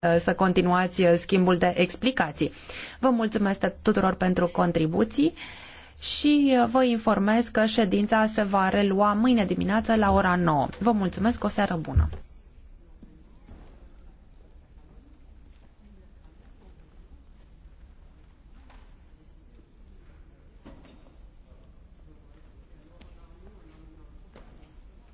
Uh, să continuați uh, schimbul de explicații. Vă mulțumesc tuturor pentru contribuții și uh, vă informez că ședința se va relua mâine dimineață la ora 9. Vă mulțumesc, o seară bună!